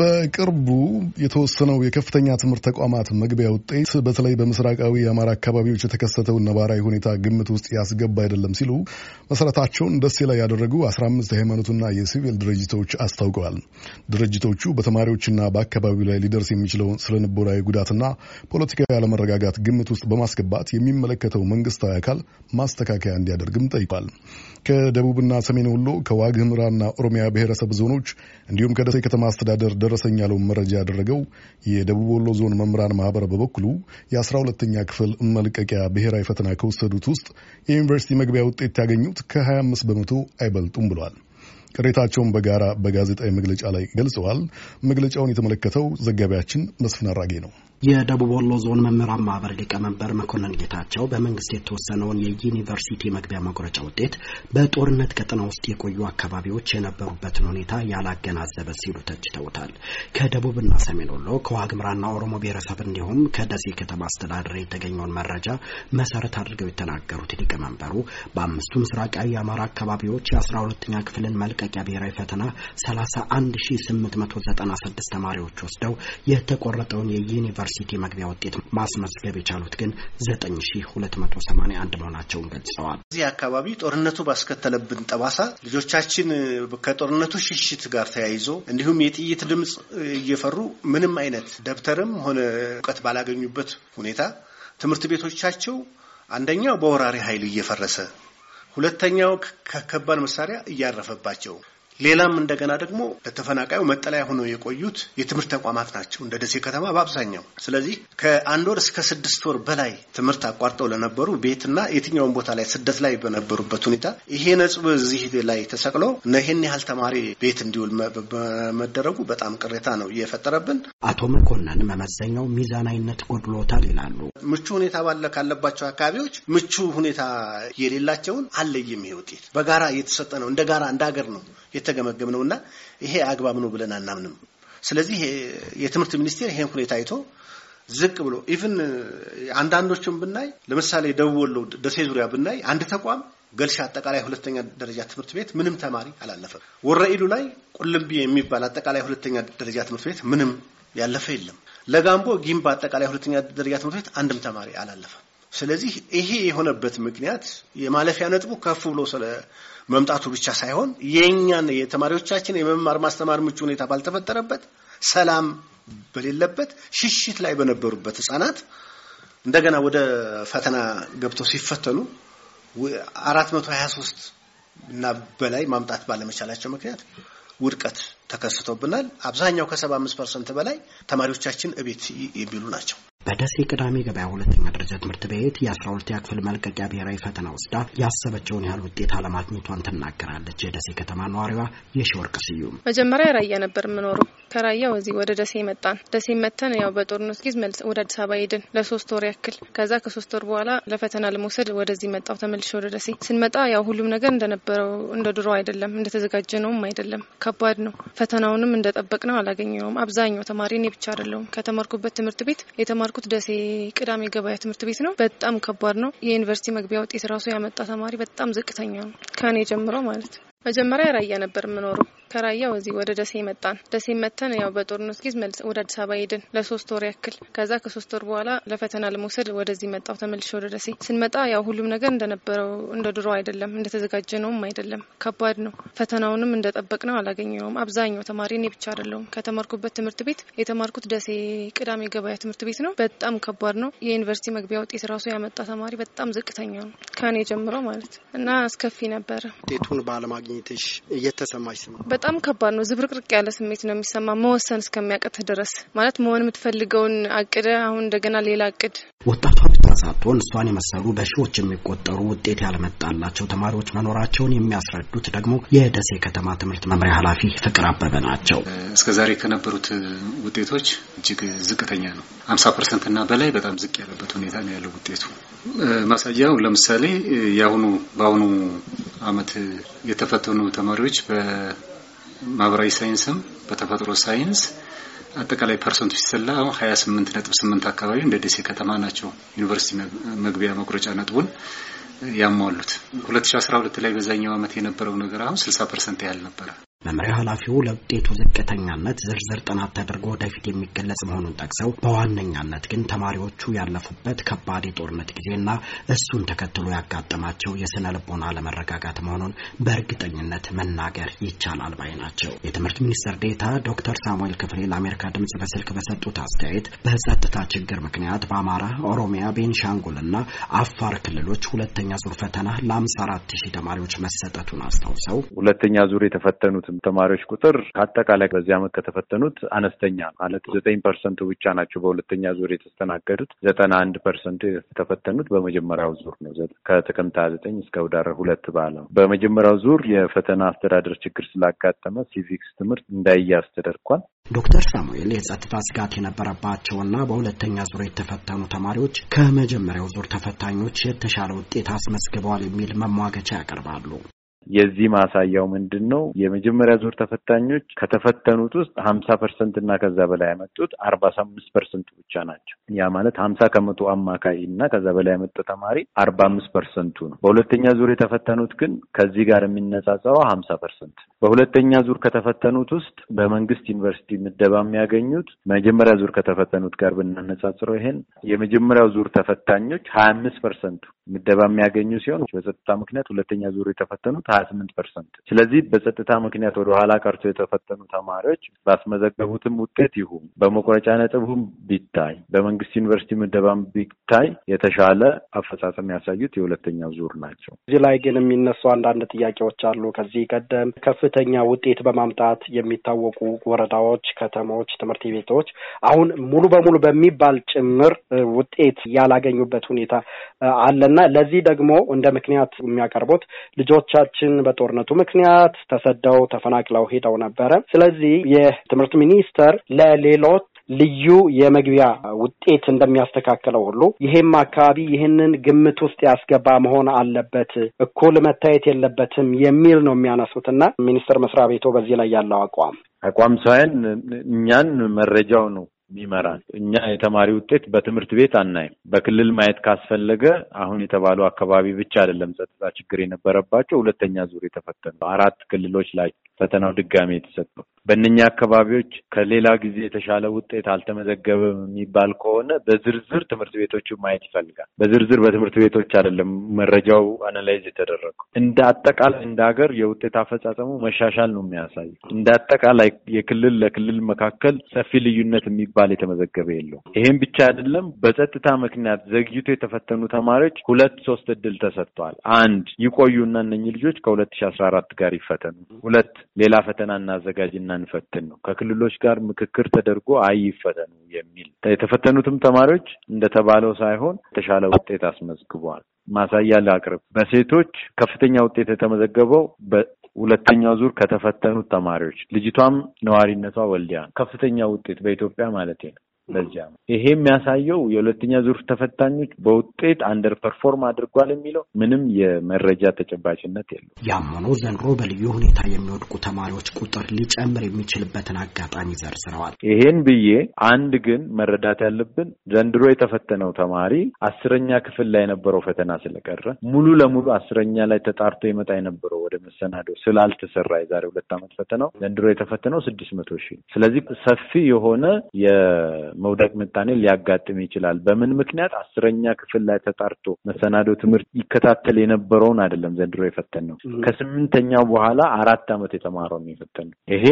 በቅርቡ የተወሰነው የከፍተኛ ትምህርት ተቋማት መግቢያ ውጤት በተለይ በምስራቃዊ የአማራ አካባቢዎች የተከሰተውን ነባራዊ ሁኔታ ግምት ውስጥ ያስገባ አይደለም ሲሉ መሰረታቸውን ደሴ ላይ ያደረጉ 15 የሃይማኖትና የሲቪል ድርጅቶች አስታውቀዋል። ድርጅቶቹ በተማሪዎችና በአካባቢው ላይ ሊደርስ የሚችለውን ስነ ጉዳትና ፖለቲካዊ አለመረጋጋት ግምት ውስጥ በማስገባት የሚመለከተው መንግስታዊ አካል ማስተካከያ እንዲያደርግም ጠይቋል። ከደቡብና ሰሜን ወሎ ከዋግ ኽምራና ኦሮሚያ ብሔረሰብ ዞኖች እንዲሁም ከደሴ ከተማ አስተዳደር ደረሰኝ ያለውን መረጃ ያደረገው የደቡብ ወሎ ዞን መምህራን ማህበር በበኩሉ የአስራ ሁለተኛ ክፍል መልቀቂያ ብሔራዊ ፈተና ከወሰዱት ውስጥ የዩኒቨርሲቲ መግቢያ ውጤት ያገኙት ከ25 በመቶ አይበልጡም ብሏል። ቅሬታቸውን በጋራ በጋዜጣዊ መግለጫ ላይ ገልጸዋል። መግለጫውን የተመለከተው ዘጋቢያችን መስፍን አራጌ ነው። የደቡብ ወሎ ዞን መምህራን ማህበር ሊቀመንበር መኮንን ጌታቸው በመንግስት የተወሰነውን የዩኒቨርሲቲ መግቢያ መቁረጫ ውጤት በጦርነት ቀጠና ውስጥ የቆዩ አካባቢዎች የነበሩበትን ሁኔታ ያላገናዘበ ሲሉ ተችተውታል። ከደቡብና ሰሜን ወሎ ከዋግምራና ኦሮሞ ብሔረሰብ እንዲሁም ከደሴ ከተማ አስተዳደር የተገኘውን መረጃ መሰረት አድርገው የተናገሩት ሊቀመንበሩ በአምስቱ ምስራቃዊ የአማራ አካባቢዎች የአስራ ሁለተኛ ክፍልን መልቀቂያ ብሔራዊ ፈተና ሰላሳ አንድ ሺ ስምንት መቶ ዘጠና ስድስት ተማሪዎች ወስደው የተቆረጠውን የዩኒቨርሲቲ የዩኒቨርሲቲ መግቢያ ውጤት ማስመዝገብ የቻሉት ግን 9281 መሆናቸውን ገልጸዋል። እዚህ አካባቢ ጦርነቱ ባስከተለብን ጠባሳ ልጆቻችን ከጦርነቱ ሽሽት ጋር ተያይዞ እንዲሁም የጥይት ድምፅ እየፈሩ ምንም አይነት ደብተርም ሆነ እውቀት ባላገኙበት ሁኔታ ትምህርት ቤቶቻቸው አንደኛው በወራሪ ኃይል እየፈረሰ ሁለተኛው ከከባድ መሳሪያ እያረፈባቸው ሌላም እንደገና ደግሞ ለተፈናቃዩ መጠለያ ሆነው የቆዩት የትምህርት ተቋማት ናቸው እንደ ደሴ ከተማ በአብዛኛው። ስለዚህ ከአንድ ወር እስከ ስድስት ወር በላይ ትምህርት አቋርጠው ለነበሩ ቤትና የትኛውን ቦታ ላይ ስደት ላይ በነበሩበት ሁኔታ ይሄ ነጥብ እዚህ ላይ ተሰቅሎ እና ያህል ተማሪ ቤት እንዲውል በመደረጉ በጣም ቅሬታ ነው እየፈጠረብን። አቶ መኮንን መመዘኛው ሚዛናዊነት ጎድሎታል ይላሉ። ምቹ ሁኔታ ባለ ካለባቸው አካባቢዎች ምቹ ሁኔታ የሌላቸውን አለይም ይሄ ውጤት በጋራ እየተሰጠ ነው እንደ ጋራ እንደ ሀገር ነው የተገመገም ነውና ይሄ አግባብ ነው ብለን አናምንም። ስለዚህ የትምህርት ሚኒስቴር ይሄን ሁኔታ አይቶ ዝቅ ብሎ ኢቭን አንዳንዶቹም ብናይ ለምሳሌ ደቡብ ወሎ ደሴ ዙሪያ ብናይ አንድ ተቋም ገልሻ አጠቃላይ ሁለተኛ ደረጃ ትምህርት ቤት ምንም ተማሪ አላለፈም። ወረኢሉ ላይ ቁልምቢ የሚባል አጠቃላይ ሁለተኛ ደረጃ ትምህርት ቤት ምንም ያለፈ የለም። ለጋምቦ ጊምባ አጠቃላይ ሁለተኛ ደረጃ ትምህርት ቤት አንድም ተማሪ አላለፈም። ስለዚህ ይሄ የሆነበት ምክንያት የማለፊያ ነጥቡ ከፍ ብሎ ስለ መምጣቱ ብቻ ሳይሆን የእኛን የተማሪዎቻችን የመማር ማስተማር ምቹ ሁኔታ ባልተፈጠረበት፣ ሰላም በሌለበት፣ ሽሽት ላይ በነበሩበት ህጻናት እንደገና ወደ ፈተና ገብተው ሲፈተኑ 423 እና በላይ ማምጣት ባለመቻላቸው ምክንያት ውድቀት ተከስቶብናል። አብዛኛው ከ75% በላይ ተማሪዎቻችን እቤት የሚሉ ናቸው። በደሴ ቅዳሜ ገበያ ሁለተኛ ደረጃ ትምህርት ቤት የአስራ ሁለተኛ ክፍል መልቀቂያ ብሔራዊ ፈተና ወስዳ ያሰበችውን ያህል ውጤት አለማግኘቷን ትናገራለች። የደሴ ከተማ ነዋሪዋ የሺወርቅ ስዩም መጀመሪያ ራያ ነበር የምኖረው። ከራያ ወዚህ ወደ ደሴ መጣን። ደሴ መተን ያው በጦርነት ጊዜ መልስ ወደ አዲስ አበባ ሄድን ለሶስት ወር ያክል። ከዛ ከሶስት ወር በኋላ ለፈተና ለመውሰድ ወደዚህ መጣው ተመልሼ ወደ ደሴ ስንመጣ ያው ሁሉም ነገር እንደነበረው እንደ ድሮ አይደለም፣ እንደተዘጋጀ ነውም አይደለም። ከባድ ነው። ፈተናውንም እንደጠበቅ ነው አላገኘውም። አብዛኛው ተማሪ እኔ ብቻ አይደለውም ከተማርኩበት ትምህርት ቤት የተማ የተማርኩት ደሴ ቅዳሜ ገበያ ትምህርት ቤት ነው። በጣም ከባድ ነው። የዩኒቨርሲቲ መግቢያ ውጤት ራሱ ያመጣ ተማሪ በጣም ዝቅተኛ ነው፣ ከኔ ጀምሮ ማለት ነው። መጀመሪያ ራያ ነበር የምኖረው። ከራያ ወዚህ ወደ ደሴ መጣን። ደሴ መተን ያው በጦርነት ጊዜ መልስ ወደ አዲስ አበባ ሄድን ለሶስት ወር ያክል። ከዛ ከሶስት ወር በኋላ ለፈተና ለመውሰድ ወደዚህ መጣሁ ተመልሼ ወደ ደሴ ስንመጣ ያው ሁሉም ነገር እንደነበረው እንደ ድሮ አይደለም፣ እንደተዘጋጀ ነውም አይደለም። ከባድ ነው። ፈተናውንም እንደጠበቅ ነው አላገኘውም። አብዛኛው ተማሪ እኔ ብቻ አይደለሁም። ከተማርኩበት ትምህርት ቤት የተማርኩት ደሴ ቅዳሜ ገበያ ትምህርት ቤት ነው። በጣም ከባድ ነው። የዩኒቨርሲቲ መግቢያ ውጤት ራሱ ያመጣ ተማሪ በጣም ዝቅተኛ ነው፣ ከኔ ጀምሮ ማለት እና አስከፊ ነበረ ውጤቱን ማግኘትሽ እየተሰማሽ ስም በጣም ከባድ ነው። ዝብርቅርቅ ያለ ስሜት ነው የሚሰማ መወሰን እስከሚያቅትህ ድረስ ማለት መሆን የምትፈልገውን አቅደ አሁን እንደገና ሌላ እቅድ ወጣቷ ብቻ ሳትሆን እሷን የመሰሉ በሺዎች የሚቆጠሩ ውጤት ያልመጣላቸው ተማሪዎች መኖራቸውን የሚያስረዱት ደግሞ የደሴ ከተማ ትምህርት መምሪያ ኃላፊ ፍቅር አበበ ናቸው። እስከዛሬ ከነበሩት ውጤቶች እጅግ ዝቅተኛ ነው። አምሳ ፐርሰንት እና በላይ በጣም ዝቅ ያለበት ሁኔታ ነው ያለው ውጤቱ። ማሳያው ለምሳሌ የአሁኑ በአሁኑ አመት የተፈ የተፈተኑ ተማሪዎች በማህበራዊ ሳይንስም በተፈጥሮ ሳይንስ አጠቃላይ ፐርሰንት ሲሰላ አሁን 28 ነጥብ 8 አካባቢ እንደ ደሴ ከተማ ናቸው ዩኒቨርሲቲ መግቢያ መቁረጫ ነጥቡን ያሟሉት። 2012 ላይ በዛኛው ዓመት የነበረው ነገር አሁን 60 ፐርሰንት ያህል ነበረ። መምሪያ ኃላፊው ለውጤቱ ዝቅተኛነት ዝርዝር ጥናት ተደርጎ ወደፊት የሚገለጽ መሆኑን ጠቅሰው በዋነኛነት ግን ተማሪዎቹ ያለፉበት ከባድ የጦርነት ጊዜና እሱን ተከትሎ ያጋጠማቸው የስነ ልቦና አለመረጋጋት መሆኑን በእርግጠኝነት መናገር ይቻላል ባይ ናቸው። የትምህርት ሚኒስትር ዴታ ዶክተር ሳሙኤል ክፍሌ ለአሜሪካ ድምጽ በስልክ በሰጡት አስተያየት በጸጥታ ችግር ምክንያት በአማራ፣ ኦሮሚያ፣ ቤንሻንጉልና አፋር ክልሎች ሁለተኛ ዙር ፈተና ለ54 ሺህ ተማሪዎች መሰጠቱን አስታውሰው ሁለተኛ ዙር የተፈተኑትም ተማሪዎች ቁጥር ከአጠቃላይ በዚህ ዓመት ከተፈተኑት አነስተኛ ማለት ዘጠኝ ፐርሰንቱ ብቻ ናቸው በሁለተኛ ዙር የተስተናገዱት። ዘጠና አንድ ፐርሰንቱ የተፈተኑት በመጀመሪያው ዙር ነው። ከጥቅምት ዘጠኝ እስከ ህዳር ሁለት ባለ በመጀመሪያው ዙር የፈተና አስተዳደር ችግር ስላጋጠመ ሲቪክስ ትምህርት እንዳይያዝ ተደርጓል። ዶክተር ሳሙኤል የጸጥታ ስጋት የነበረባቸውና በሁለተኛ ዙር የተፈተኑ ተማሪዎች ከመጀመሪያው ዙር ተፈታኞች የተሻለ ውጤት አስመዝግበዋል የሚል መሟገቻ ያቀርባሉ። የዚህ ማሳያው ምንድን ነው? የመጀመሪያ ዙር ተፈታኞች ከተፈተኑት ውስጥ ሀምሳ ፐርሰንት እና ከዛ በላይ ያመጡት አርባ አምስት ፐርሰንት ብቻ ናቸው። ያ ማለት ሀምሳ ከመቶ አማካይ እና ከዛ በላይ ያመጣ ተማሪ አርባ አምስት ፐርሰንቱ ነው። በሁለተኛ ዙር የተፈተኑት ግን ከዚህ ጋር የሚነጻጸው ሀምሳ ፐርሰንት። በሁለተኛ ዙር ከተፈተኑት ውስጥ በመንግስት ዩኒቨርሲቲ ምደባ የሚያገኙት መጀመሪያ ዙር ከተፈተኑት ጋር ብናነጻጽረው ይሄን የመጀመሪያው ዙር ተፈታኞች ሀያ አምስት ፐርሰንቱ ምደባ የሚያገኙ ሲሆን በጸጥታ ምክንያት ሁለተኛ ዙር የተፈተኑት ሀያ ስምንት ፐርሰንት። ስለዚህ በጸጥታ ምክንያት ወደ ኋላ ቀርቶ የተፈተኑ ተማሪዎች ባስመዘገቡትም ውጤት ይሁን በመቁረጫ ነጥቡም ቢታይ በመንግስት ዩኒቨርሲቲ ምደባም ቢታይ የተሻለ አፈጻጸም ያሳዩት የሁለተኛው ዙር ናቸው። እዚህ ላይ ግን የሚነሱ አንዳንድ ጥያቄዎች አሉ። ከዚህ ቀደም ከፍተኛ ውጤት በማምጣት የሚታወቁ ወረዳዎች፣ ከተሞች፣ ትምህርት ቤቶች አሁን ሙሉ በሙሉ በሚባል ጭምር ውጤት ያላገኙበት ሁኔታ አለና ለዚህ ደግሞ እንደ ምክንያት የሚያቀርቡት ልጆቻችን ወገኖቻችን በጦርነቱ ምክንያት ተሰደው ተፈናቅለው ሄደው ነበረ። ስለዚህ የትምህርት ሚኒስቴር ለሌሎች ልዩ የመግቢያ ውጤት እንደሚያስተካከለው ሁሉ ይሄም አካባቢ ይህንን ግምት ውስጥ ያስገባ መሆን አለበት፣ እኩል መታየት የለበትም የሚል ነው የሚያነሱትና ሚኒስቴር መስሪያ ቤቱ በዚህ ላይ ያለው አቋም አቋም ሳይሆን እኛን መረጃው ነው የሚመራን። እኛ የተማሪ ውጤት በትምህርት ቤት አናይም። በክልል ማየት ካስፈለገ አሁን የተባሉ አካባቢ ብቻ አይደለም ጸጥታ ችግር የነበረባቸው ሁለተኛ ዙር የተፈተኑ አራት ክልሎች ላይ ፈተናው ድጋሜ የተሰጠው በእነኛ አካባቢዎች ከሌላ ጊዜ የተሻለ ውጤት አልተመዘገበም የሚባል ከሆነ በዝርዝር ትምህርት ቤቶቹ ማየት ይፈልጋል። በዝርዝር በትምህርት ቤቶች አይደለም መረጃው አናላይዝ የተደረገው። እንደ አጠቃላይ እንደ ሀገር የውጤት አፈጻጸሙ መሻሻል ነው የሚያሳይ። እንደ አጠቃላይ የክልል ለክልል መካከል ሰፊ ልዩነት የሚባል የተመዘገበ የለው። ይሄም ብቻ አይደለም። በጸጥታ ምክንያት ዘግይቶ የተፈተኑ ተማሪዎች ሁለት ሶስት እድል ተሰጥተዋል። አንድ ይቆዩና እነኚህ ልጆች ከሁለት ሺ አስራ አራት ጋር ይፈተኑ፣ ሁለት ሌላ ፈተና እናዘጋጅና እናንፈትን ነው። ከክልሎች ጋር ምክክር ተደርጎ አይፈተኑ የሚል የተፈተኑትም ተማሪዎች እንደተባለው ሳይሆን የተሻለ ውጤት አስመዝግቧል። ማሳያ ላቅርብ። በሴቶች ከፍተኛ ውጤት የተመዘገበው በሁለተኛው ዙር ከተፈተኑት ተማሪዎች ልጅቷም ነዋሪነቷ ወልዲያ ከፍተኛ ውጤት በኢትዮጵያ ማለት ነው በዚያ ነው ይሄ የሚያሳየው የሁለተኛ ዙር ተፈታኞች በውጤት አንደር ፐርፎርም አድርጓል የሚለው ምንም የመረጃ ተጨባጭነት የለው። ያም ሆኖ ዘንድሮ በልዩ ሁኔታ የሚወድቁ ተማሪዎች ቁጥር ሊጨምር የሚችልበትን አጋጣሚ ዘርዝረዋል። ይሄን ብዬ አንድ ግን መረዳት ያለብን ዘንድሮ የተፈተነው ተማሪ አስረኛ ክፍል ላይ የነበረው ፈተና ስለቀረ ሙሉ ለሙሉ አስረኛ ላይ ተጣርቶ ይመጣ የነበረው ወደ መሰናዶ ስላልተሰራ የዛሬ ሁለት ዓመት ፈተናው ዘንድሮ የተፈተነው ስድስት መቶ ሺህ ስለዚህ ሰፊ የሆነ መውደቅ ምጣኔ ሊያጋጥም ይችላል። በምን ምክንያት አስረኛ ክፍል ላይ ተጣርቶ መሰናዶ ትምህርት ይከታተል የነበረውን አይደለም ዘንድሮ የፈተን ነው። ከስምንተኛው በኋላ አራት ዓመት የተማረው የሚፈተን ነው። ይሄ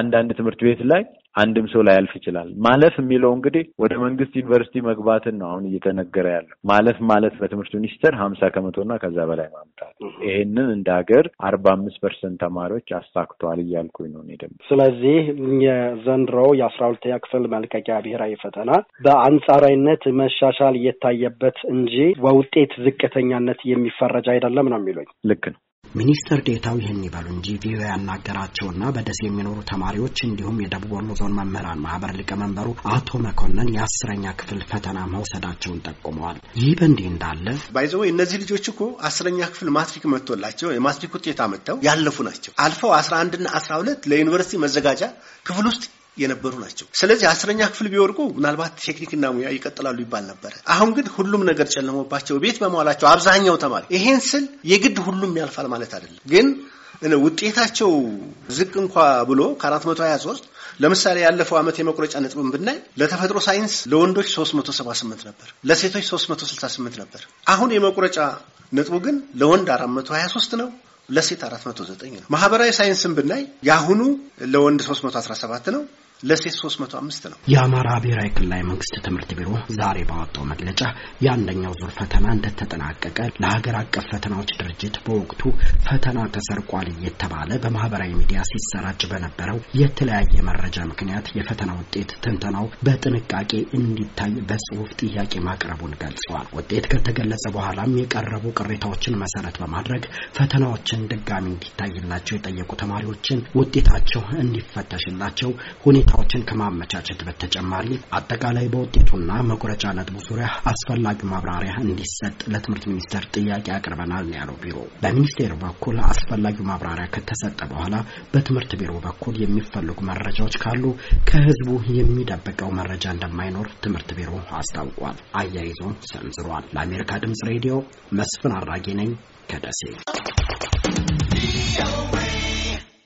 አንዳንድ ትምህርት ቤት ላይ አንድም ሰው ላያልፍ ይችላል። ማለፍ የሚለው እንግዲህ ወደ መንግስት ዩኒቨርሲቲ መግባትን ነው አሁን እየተነገረ ያለው። ማለፍ ማለት በትምህርት ሚኒስቴር ሀምሳ ከመቶና ከዛ በላይ ማምጣት። ይሄንን እንደ ሀገር አርባ አምስት ፐርሰንት ተማሪዎች አሳክተዋል እያልኩኝ ነው እኔ ደግሞ። ስለዚህ የዘንድሮው የአስራ ሁለተኛ ክፍል መልቀቂያ ብሔራዊ ፈተና በአንጻራዊነት መሻሻል እየታየበት እንጂ በውጤት ዝቅተኛነት የሚፈረጅ አይደለም ነው የሚሉኝ። ልክ ነው። ሚኒስትር ዴታው ይህን ይበሉ እንጂ ቪኦኤ ያናገራቸውና በደሴ የሚኖሩ ተማሪዎች እንዲሁም የደቡብ ወሎ ዞን መምህራን ማህበር ሊቀመንበሩ አቶ መኮንን የአስረኛ ክፍል ፈተና መውሰዳቸውን ጠቁመዋል። ይህ በእንዲህ እንዳለ ባይዘ እነዚህ ልጆች እኮ አስረኛ ክፍል ማትሪክ መጥቶላቸው የማትሪክ ውጤት መጥተው ያለፉ ናቸው። አልፈው አስራ አንድና አስራ ሁለት ለዩኒቨርሲቲ መዘጋጃ ክፍል ውስጥ የነበሩ ናቸው። ስለዚህ አስረኛ ክፍል ቢወርቁ ምናልባት ቴክኒክና ሙያ ይቀጥላሉ ይባል ነበረ። አሁን ግን ሁሉም ነገር ጨለሞባቸው ቤት በመዋላቸው አብዛኛው ተማሪ ይሄን ስል የግድ ሁሉም ያልፋል ማለት አይደለም፣ ግን ውጤታቸው ዝቅ እንኳ ብሎ ከ423 ለምሳሌ ያለፈው ዓመት የመቁረጫ ነጥብን ብናይ ለተፈጥሮ ሳይንስ ለወንዶች 378 ነበር፣ ለሴቶች 368 ነበር። አሁን የመቁረጫ ነጥቡ ግን ለወንድ 423 ነው ለሴት 409 ነው። ማህበራዊ ሳይንስን ብናይ የአሁኑ ለወንድ 317 ነው ለሴት 305 ነው። የአማራ ብሔራዊ ክልላዊ መንግስት ትምህርት ቢሮ ዛሬ ባወጣው መግለጫ የአንደኛው ዙር ፈተና እንደተጠናቀቀ ለሀገር አቀፍ ፈተናዎች ድርጅት በወቅቱ ፈተና ተሰርቋል እየተባለ በማህበራዊ ሚዲያ ሲሰራጭ በነበረው የተለያየ መረጃ ምክንያት የፈተና ውጤት ትንተናው በጥንቃቄ እንዲታይ በጽሁፍ ጥያቄ ማቅረቡን ገልጸዋል። ውጤት ከተገለጸ በኋላም የቀረቡ ቅሬታዎችን መሰረት በማድረግ ፈተናዎችን ድጋሚ እንዲታይላቸው የጠየቁ ተማሪዎችን ውጤታቸው እንዲፈተሽላቸው ሁኔ ሁኔታዎችን ከማመቻቸት በተጨማሪ አጠቃላይ በውጤቱና መቁረጫ ነጥቡ ዙሪያ አስፈላጊ ማብራሪያ እንዲሰጥ ለትምህርት ሚኒስቴር ጥያቄ አቅርበናል ያለው ቢሮ በሚኒስቴር በኩል አስፈላጊው ማብራሪያ ከተሰጠ በኋላ በትምህርት ቢሮ በኩል የሚፈልጉ መረጃዎች ካሉ ከህዝቡ የሚደብቀው መረጃ እንደማይኖር ትምህርት ቢሮ አስታውቋል። አያይዞ ሰንዝሯል። ለአሜሪካ ድምጽ ሬዲዮ መስፍን አራጌ ነኝ ከደሴ።